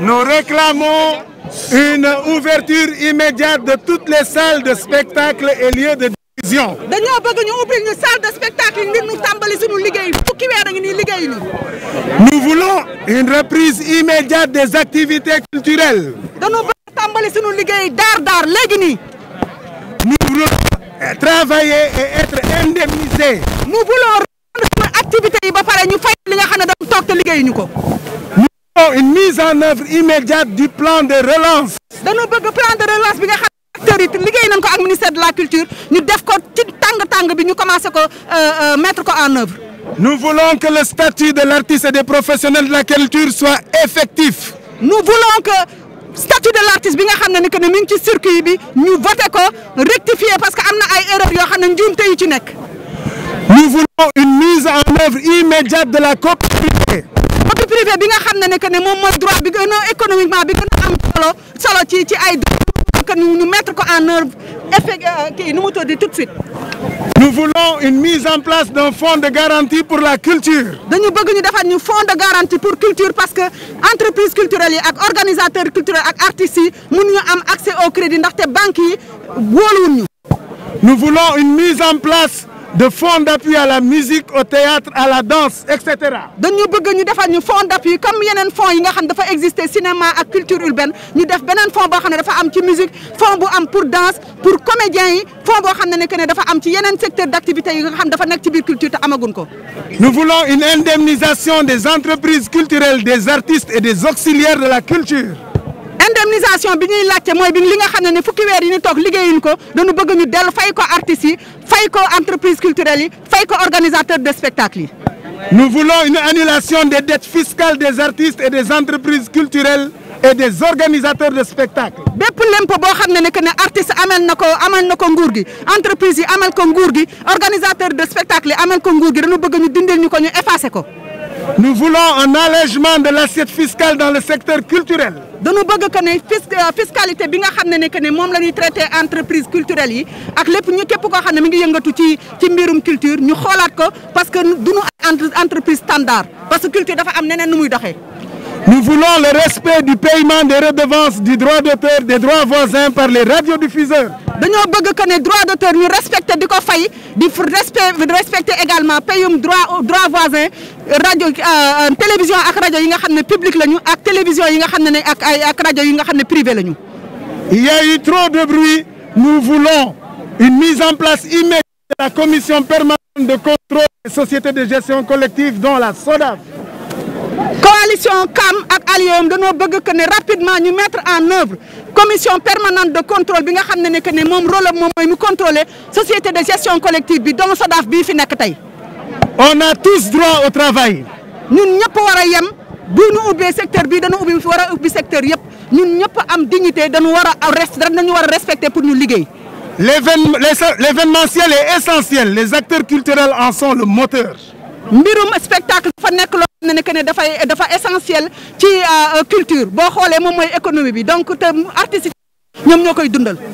nous réclamons une ouverture immédiate de toutes les salles de spectacle et lieux de diffusion. Nous voulons une reprise immédiate des activités culturelles. Nous voulons travailler et être indemnisés. Nous voulons reprendre en œuvre immédiate du plan de relance. Dans le plan de relance bi nga xam un acteurs ministère de la culture ñu def ko ci tàng bi ñu commencer ko euh, euh, mettre en œuvre. nous voulons que le statut de l'artiste et des professionnels de la culture soit effectif. nous voulons que. statut de l'artiste bi nga xam ne que ni circuit bi ñu rectifier parce que y a ay erreurs yoo xam nous voulons une mise en œuvre immédiate de la COP privé bi nga xamné ne ne que ne moom mooy droit bi gën économiquement bi gëna am solo solo ci ci ay droit que ñu mettre ko en œuvre effet euh, kii nu mu tout de suite. nous voulons une mise en place d'un fonds de garantie pour la culture. dañu bëgg ñu defar ñu fonds de garantie pour culture parce que entreprise culturelle yi ak organisateur culturel ak artistes mënu mënuñu am accès au crédit ndax té banques yi ñu nous voulons une mise en place de fonds d'appui à la musique, au théâtre, à la danse, etc. Nous voulons faire un fonds d'appui, comme il y a un fonds qui existe, cinéma et culture urbaine, nous devons faire un fonds qui la musique, fonds pour danse, pour les comédiens, fonds qui est un secteur d'activité qui est culture. Nous voulons une indemnisation des entreprises culturelles, des artistes et des auxiliaires de la culture. Organisation bi ñuy laajte mooy bi li nga xamné ne fukki wér yi ñu toog liggéeyuñ ko dañu bëgg ñu dellu fay ko artiste yi fay ko entreprise culturelle yi fay ko organisateur de spectacle yi nous voulons une annulation des dettes fiscales des artistes et des entreprises culturelles et des organisateurs de spectacles. bépp lemp bo xamné ne que né artiste amel n'ako, amel nako nguur gi entreprise yi amel ko nguur gi organisateur de spectacle yi amel ko nguur gi dañu bëgg ñu dindil ñu ko ñu effacer ko nous voulons un allègement de l'assiette fiscale dans le secteur culturel. Nous voulons que la euh, fiscalité bi nga comme que entreprise culturelle yi ak lépp képp culture Nous voulons parce que nous entreprise standard parce que la culture dafa am neneen nous voulons le respect du paiement des redevances du droit d'auteur des droits voisins par les radiodiffuseurs. Nous voulons que droit d'auteur respect respecter également droit droit voisins, euh, euh, télévision ak la yi nga télévision il y a eu trop de bruit nous voulons une mise en place immédiate de la commission permanente de contrôle des sociétés de gestion collective dont la SODAV coalition CAM et alliéum nous bëgg que rapidement mettre en œuvre commission permanente de contrôle bi nga que nous rôle société de gestion collective dont nous bii fi on a tous droit au travail. Nous n'avons pouvons a nous nous ñu secteur nous dañu oublier nous secteur Nous ñun dignité nous devons respecter pour nous liguer. l'événementiel est essentiel les acteurs culturels en sont le moteur. mbirum spectacle dafa nekk loo xam ne ne que ne dafay dafa essentiel ci euh, culture boo xoolee moom mooy économie bi donc te artistes ñoom ñoo koy dundal